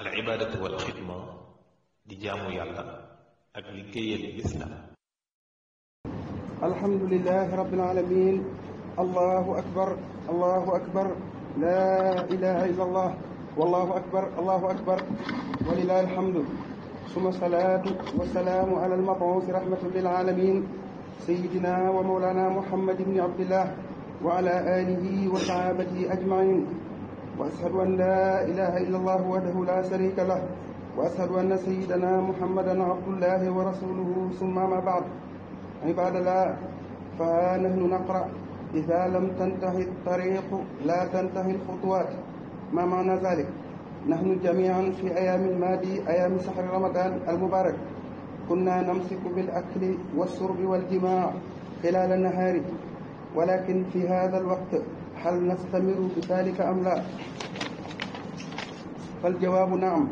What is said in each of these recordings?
al ibaadatu wal xidma di jaamu yàlla ak liggéeyal lislaam alhamdulilahi rabbil alamin allahu akbar allahu akbar laa ilaha illa allah wallahu akbar allahu akbar walilahi alhamdu suma salaatu wasalaamu ala almabuusi rahmatan lil alamin sayidina wa mawlana muhammad ibni abdillah wa ala alihi wa sahabatihi ajmain وأشهد أن لا إله إلا الله وحده لا شريك له وأشهد أن سيدنا محمدا عبد الله ورسوله ثم ما بعد عباد الله فها نحن نقرأ إذا لم تنتهي الطريق لا تنتهي الخطوات ما معنى ذلك؟ نحن جميعا في أيام الماضي أيام شهر رمضان المبارك كنا نمسك بالأكل والشرب والجماع خلال النهار ولكن في هذا الوقت هل نستمر بذلك أم لا فالجواب نعم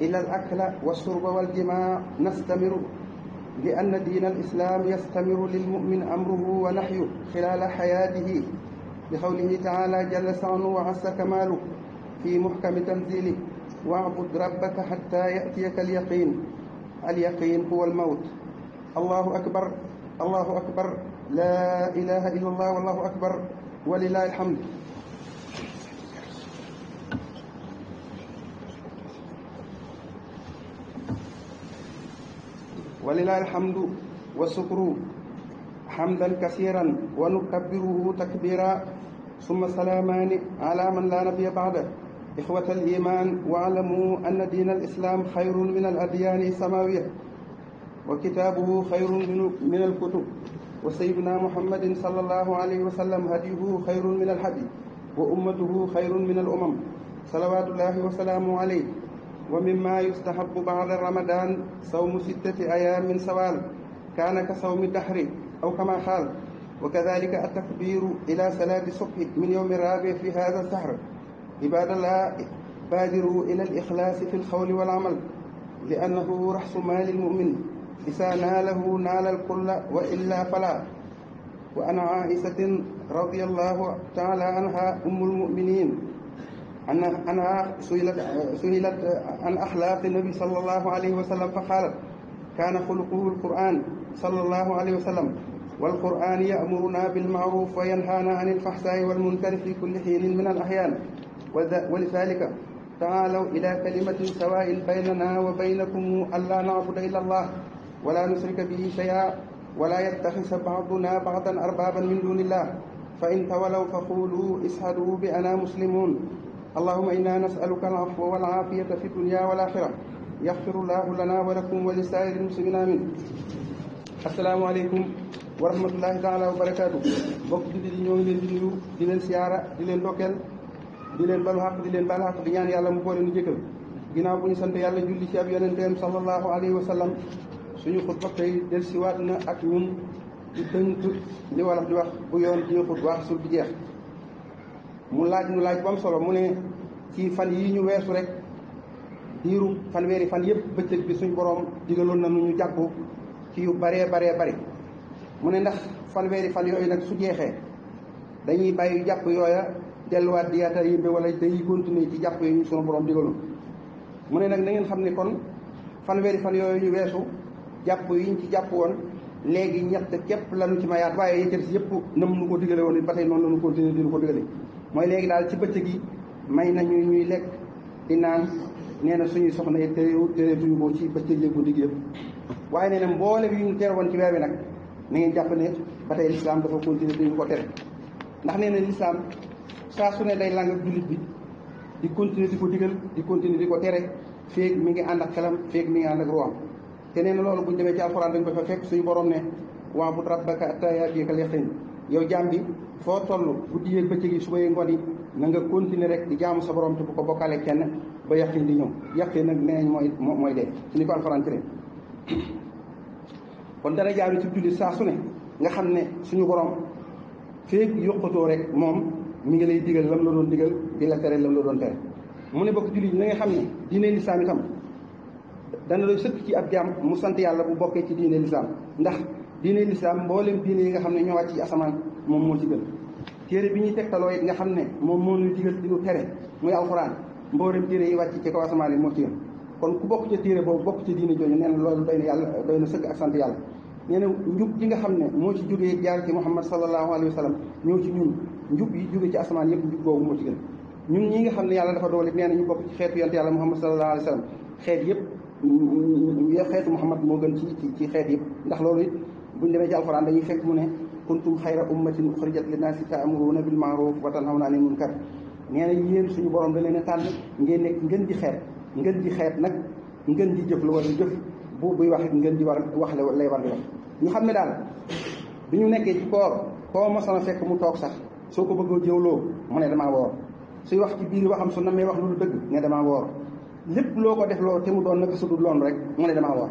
إلى الأكل والشرب والجماع نستمر لأن دين الإسلام يستمر للمؤمن أمره ونحيه خلال حياته بقوله تعالى جل شأنه وعسى كماله في محكم تنزيله واعبد ربك حتى يأتيك اليقين اليقين هو الموت الله أكبر الله أكبر لا إله إلا الله والله أكبر walilahi alhamd walilahi alhamdu wa sukru hamdan kasiran wa nukabbiruhu takbira summa salaamaani ala man laa nabiya ba'da ixwata aliman waalamu anna diin alislam xayrun min aladyaani samawiya wa kitaabuhu xayrun min alkutub وسيدنا محمد صلى الله عليه وسلم هديه خير من الهدي وأمته خير من الأمم صلوات الله وسلامه عليه ومما يستحب بعد رمضان صوم ستة أيام من سوال كان كصوم الدحر أو كما قال وكذلك التكبير إلى صلاة الصبح من يوم الرابع في هذا الشهر عباد الله بادروا إلى الإخلاص في القول والعمل لأنه رأس مال المؤمن إذا ناله نال الكل وإلا فلا وعن عائشة رضي الله تعالى عنها أم المؤمنين عنها سئلت سئلت عن أخلاق النبي صلى الله عليه وسلم فقالت كان خلقه القرآن صلى الله عليه وسلم والقرآن يأمرنا بالمعروف وينهانا عن الفحشاء والمنكر في كل حين من الأحيان ولذلك تعالوا إلى كلمة سواء بيننا وبينكم ألا نعبد إلا الله ولا نشرك به شيئا ولا يتخذ بعضنا بعضا أربابا من دون الله فإن تولوا فقولوا اشهدوا بأنا مسلمون اللهم إنا نسألك العفو والعافية في الدنيا والآخرة يغفر الله لنا ولكم ولسائر المسلمين آمين السلام عليكم wa rahmatullahi taala wa barakaatu bokk jullit yi ñoo ngi leen di nuyu di leen siyaara di leen ndokkeel di leen balu xaq di leen balu xaq di ñaan yàlla mu boole nu jëkkal ginnaaw bu ñu sant yàlla julli ci ab yonenteem sallallahu alayhi wa sallam suñu xutba tey dellusiwaat na ak ñun di tënk li wolof di wax bu yoon di xutba sul bi jeex mu laaj mu laaj bu solo mu ne ci fan yi ñu weesu rek diiru fanweeri fan yëpp bëccëg bi suñu boroom digaloon na nu ñu jàpp ci yu bare baree bari mu ne ndax fanweeri fan yooyu nag su jeexee dañuy bàyyi jàpp yooya delluwaat di yaatal yimbe wala dañuy continuer ci jàpp yi ñu sunu boroom digaloon mu ne nag na ngeen xam ne kon fanweeri fan yooyu ñu weesu jàpp ñu ci jàpp woon léegi ñett képp lañu ci mayaat waaye yëccër si yëpp nam nu ko digale woon ba tey noonu lañu continuer di ko digale mooy léegi daal ci bëccëg yi may nañu ñuy lekk di naan nee na suñuy soxna yi terewu tereetuñu ko ci bëccëg yi guddi gi waaye nee na mboolem yu ñu teer woon ci weer wi nag na ngeen jàpp ne ba tey lislaam dafa continuer di ñu ko tere ndax nee na lislaam saa su ne day lang jullit bi di continuer di ko digal di continuer di ko tere feeg mi ngi ànd ak xelam feeg mi ngi ànd ak ruwaam te nee na loolu buñu demee ci alxuraan dañ ko fa fekk suñu borom ne wa'bud rabbaka hattaa ya'tiyakal yaqiin yow jaam bi foo toll guddi yeeg bëccëg yi suba yeeg ngoon yi na nga rek di jaamu sa borom te bu ko bokkaale kenn ba yaqin di ñëw yaqin nag nee nañ mooy mooy de ci ni ko alxuraan tere kon dara jaaru ci julli saa su ne nga xam ne suñu borom feeg yokkutoo rek moom mi ngi lay digal lam la doon digal di la tere lam la doon tere mu ne bokk julli na nga xam ne diine lislaam itam dana doy sëkk ci ab jaam mu sant yàlla bu bokkee ci diine lislaam ndax diine lislaam mboolem diine yi nga xam ne ñoo wàcc ci asamaan moom moo ci gën téere bi ñuy tegtaloo nga xam ne moom moo ñu digal di ñu tere muy alxuraan mboolem téere yi wàcc ci kaw asamaan yi moo ci kon ku bokk ca téere boobu bokk ci diine jooju nee na loolu doy yàlla doy na sëkk ak sant yàlla nee na njub ji nga xam ne moo ci jógee jaar ci muhammad sallallahu alayhi wa sallam ñëw ci ñun njub yi jóge ci asamaan yëpp njub googu moo ci gën ñun ñi nga xam ne yàlla dafa doole nee na ñu bokk ci xeetu yonte yàlla muhammad sallallahu alayhi wa sallam xeet yëpp ya xeetu Muhammad moo gën ci ci ci xeet yëpp ndax loolu it buñ demee ci alxuraan dañuy fekk mu ne kuntum xayra ummatin uxrijat linnaasi ta'muruuna bil ma'ruuf wa tanhawna anil munkar nee na yéen suñu borom da leen a tànn ngeen nekk di xeet ngeen di xeet nag ngeen di jëf la war di jëf bu buy wax ngeen di war wax la lay war di wax ñu xam ne daal bi ñu nekkee ci koor koo mosana fekk mu toog sax soo ko bëggoo jëwloo mu ne damaa woor suy wax ci biir waxam su namee wax lu dul dëgg ne damaa woor lépp loo ko def loolu te mu doon naka su dul loon rek mu ne damaa war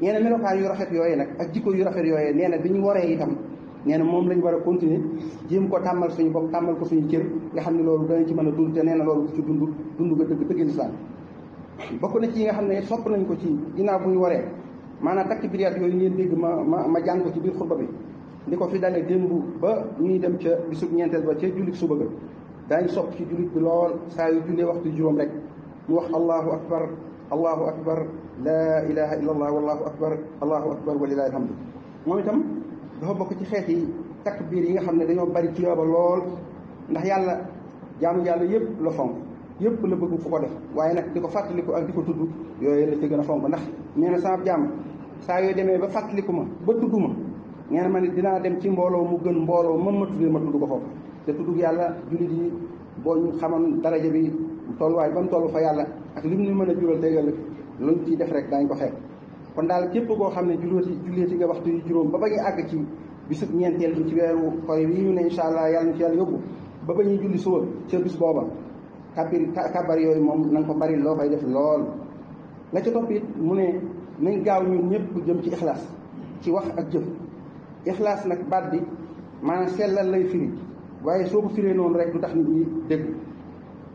nee na melokaan yu rafet yooyu nag ak jikko yu rafet yooyee nee bi ñu waree itam nee na moom lañ war a continuer jéem ko tàmmal suñu bopp tàmmal ko suñu cër nga xam ne loolu danañ ci mën a dund te nee na loolu ci dund dund nga dëgg dëgg lislaam bokk na ci nga xam ne sopp nañ ko ci ginnaaw bu ñu waree maanaam takk biriyaat yooyu ngeen dégg ma ma ma jàng ko ci biir xutba bi li ko fi dalee démb ba ñuy dem ca bisub ñeenteel ba ca jullit suba ga daañ sopp ci jullit bi lool saa yu jullee waxtu juróom rek mu wax allahu akbar allahu akbar laa ilaha illa allah wallahu akbar allahu akbar walilahi alhamdu moom itam dafa bokk ci xeet yi takbiir yi nga xam ne dañoo bari ci yooba lool ndax yàlla jaamu yàlla yëpp la fonk yëpp la bëgg ku def waaye nag di ko fàttaliku ak di ko tudd yooyu la ci gën a fonk ndax nee na sama jaam saa yoo demee ba fàttaliku ma ba tudd ma nee na ma ne dinaa dem ci mbooloo mu gën mbooloo moom ma tuddee ma tudd ko foofu te boo ñu xamoon bi tolluwaay ba mu toll fa yàlla ak li mu ñu mën a jural léeg-léeg lu ñu ciy def rek daañ ko xeeb kon daal képp koo xam ne julleeti ti nga waxtu yu juróom ba ba ñu àgg ci bisub ñeenteel bi ci weeru koy wi ñu ne incha allah yàlla ñu ci yàlla yóbbu ba ba ñuy julli suba ca bis booba kabir kabar yooyu moom na ko bari loo fay def lool la ca topp mu ne nañ gaaw ñun ñëpp jëm ci ixlaas ci wax ak jëf ixlaas nag baat bi maanaam sellal lay firi waaye soo ko noonu rek du tax nit ñi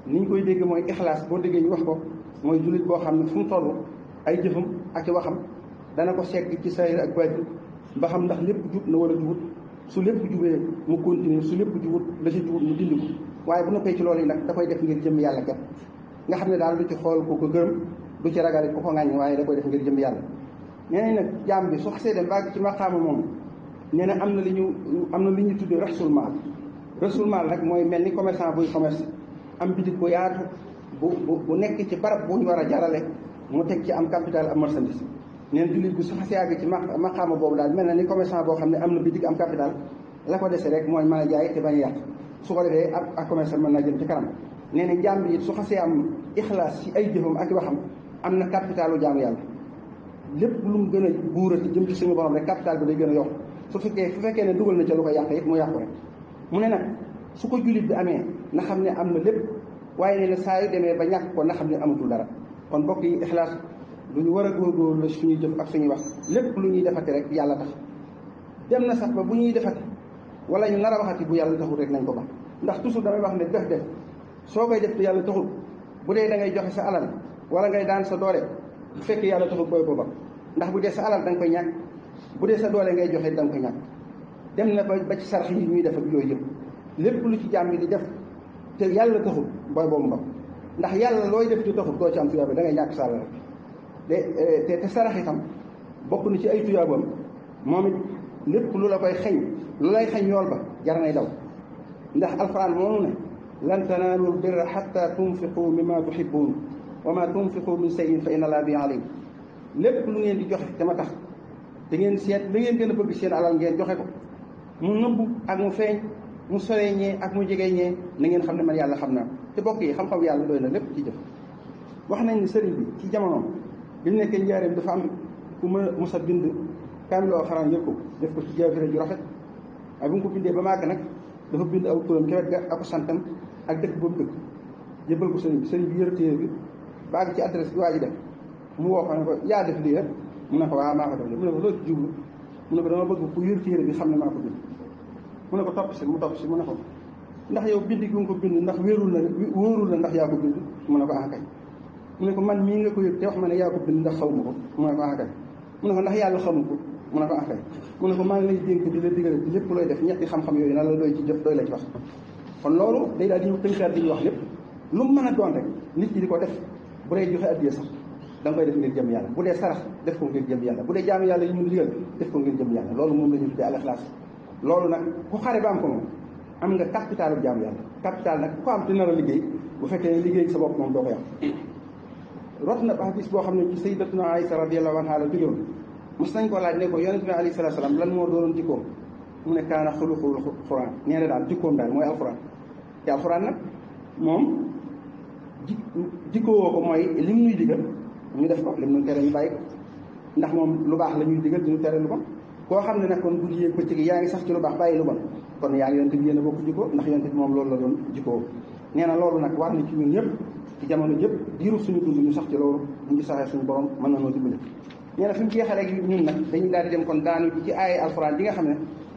ni ñu koy déggee mooy ixlaas boo déggee ñu wax ko mooy jullit boo xam ne fu mu toll ay jëfam ak i waxam dana ko segg ci sayir ak baatin ba xam ndax lépp jub na wala jubut su lépp jubee mu continuer su lépp jubut la ci jubut mu dindi ko waaye bu noppee ci loolu yi nag da koy def ngir jëm yàlla kat nga xam ne daal du ci xool ku ko gërëm du ci ragal ku ko waaye da koy def jëm yàlla nee nañ nag bi su xasee dem bàgg ci maqaama moom nee na am na li ñu am na li ñu tuddee rasul maal rasul maal nag mooy mel ni commerçant buy commerce am bitig bu yaatu bu bu bu nekk ci barab bu ñu war a jarale mu teg ci am capital am marchandise neen jullit bu su xasee àgg ci maqaama boobu daal mel na ni commerçant boo xam ne am na bitig am capital la ko dese rek mooy mën a jaay su ko defee ak ak commerçant mën naa jëm ci kanam nee na jaam bi it su xasee am ixlaas ci ay jëfam ak waxam am na capitalu jaamu yàlla lépp lu mu gën a buurati jëm ci suñu borom rek capital bi day gën a yokk su fekkee fekkee ne dugal na ca lu ko yàq it mu yàqu rek mu ne nag su ko jullit bi amee na xam ne am na lépp waaye nee na saa yu demee ba ñàkk ko na xam ne amatul dara kon mbokk yi ixlaas lu ñu war a góorgóorlu la suñuy jëf ak suñuy wax lépp lu ñuy defati rek yàlla tax dem na sax ba bu ñuy defati wala ñu nar a waxati bu yàlla taxul rek nañ ko ba ndax toujours damay wax ne def def soo koy def yàlla taxul bu dee da ngay joxe sa alal wala ngay daan sa doole bu fekkee yàlla taxul booy ko ndax bu dee sa alal dañ koy ñàkk bu dee sa doole ngay joxe da nga koy ñàkk dem na ba ba ci sarax yi ñuy def ak yooyu yëpp lépp lu ci jàmm di def te yàlla taxul booy boobu nga ndax yàlla looy def ci taxul doo ci am tuyaaba da ngay ñàkk sarax rek eh, te te sarax itam bokk na ci ay tuyaabam moom it lépp lu la koy xeñ lu lay xeñ yool ba jar nay daw ndax alxuraan moomu ne lan tanaalu birra xatta tunfiqu mimma tuxibbuun wa ma tunfiqu min sayin fa inna laa bi alim lépp lu ngeen di joxe te ma tax te ngeen seet li ngeen gën a bëgg seen alal ngeen joxe ko mu nëbbu ak mu feeñ mu soree ñee ak mu jegee ñee na ngeen xam ne man yàlla xam naa te bokk yi xam-xam yàlla doy na lépp ci jëf wax nañ ne sëriñ bi ci jamonoom bi mu nekkee njaareem dafa am ku ma mos a bind kaamiloo alxuraan jël ko def ko ci jaafira ju rafet waaye bi mu ko bindee ba màgg nag dafa bind aw turam kewet ga ak santam ak dëkk boobu dëkk jébbal ko sëriñ bi bi yër téere bi ba àgg ci adresse bi waa ji def mu woo ko ne ko yaa def lii rek mu ne ko waa maa ko def mu ne ko loolu ci jublu mu mu ne ko topp si mu topp si mu ne ko ndax yow bind gi nga ko bind ndax wéerul la wóorul la ndax yaa ko bind mu ne ko ah kay mu ne ko man mii nga ko yëg te wax ma yaa ko ndax xaw ma ko mu ne ko ah kay mu ne ko ndax yàlla xamu ko mu ne ko ah kay mu ne ko maa ngi lay dénk di la digal ci lépp looy def ñetti xam-xam yooyu na la doy ci jëf doy la ci wax kon loolu day daal di ñu tënkaat di ñu wax lépp lu mu mën a doon rek nit ki di ko def bu dee joxe addiya sax da nga koy def ngir jëm yàlla bu dee sarax def ko ngir jëm yàlla bu dee yàlla yi mu moom la ñu tuddee loolu nag ku xare ba am ko moom am nga capitalu jaam yàlla capital nag ko am te nar a liggéey bu fekkee ne liggéey sa bopp moom doo ko yàq rot na ba bis boo xam ne ci sayyidatuna Aïsa radiyallahu anha la jógoon mos nañ ko laaj ne ko yonente bi alayhi salaatu salaam lan moo doonoon jikkoom mu ne kaana xuluqul quran nee na daal jikkoom daal mooy alquran te alquran nag moom ji jikkoowoo ko mooy lim ñuy digal ñu def ko lim ñu tere ñu bàyyi ko ndax moom lu baax la ñuy digal di ñu lu bon koo xam ne nag kon guddi yeeg bëccëg yaa ngi sax ci lu baax bàyyi lu bon kon yaa ngi yonte bi yéen a bokk jikko ndax yonte bi moom loolu la doon na loolu nag war na ci ñun ñëpp ci jamono yëpp diiru suñu dund ñu sax ci loolu bu ñu saxee suñu borom mën na noo dimbali nee na fi mu jeexalee gi ñun nag dañuy daal di dem kon daanu ci ay alxuraan bi nga xam ne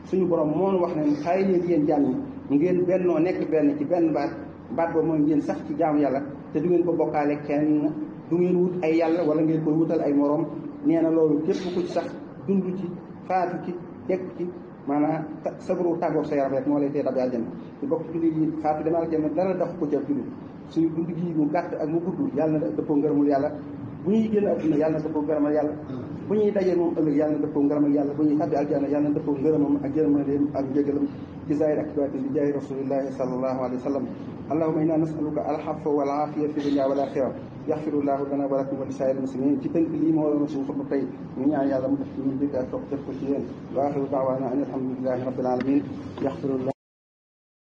suñu borom moonu wax ne xayi leen yéen jàmm yi ngeen bennoo nekk benn ci benn baat baat ba mooy ngeen sax ci jaamu yàlla te du ngeen ko bokkaale kenn du ngeen wut ay yàlla wala ngeen koy wutal ay morom nee na loolu képp ku sax dund ci faatu ci jekku ci maanaam sabru tàggoog sa yaram rek moo lay tee dabi àjjana ñu bokk jullit yi faatu dem ko ca jullit suñu dund gi mu gàtt ak mu gudd yàlla na dëppoo ngërëmul yàlla bu ñuy génn adduna yàlla na dëppoo ngërëmal yàlla bu ñuy dajee moom ëllëg yàlla na dëppoo ngërëmal yàlla bu ñuy tàbbi aljana yàlla na dëppoo ngërëmam ak jërmandeem ak njëgalam ci zahir ak baatin bi jaay yaxfirullaahu lana wa lakum wa li saa'iril muslimiin ci tënk lii moo doon suñu xutba tey ñu ñaan yàlla mu def ci ñun dégg ak topp def ko ci yéen wa aaxiru daawaana an alhamdulillaahi rabbil aalamiin yaxfirullah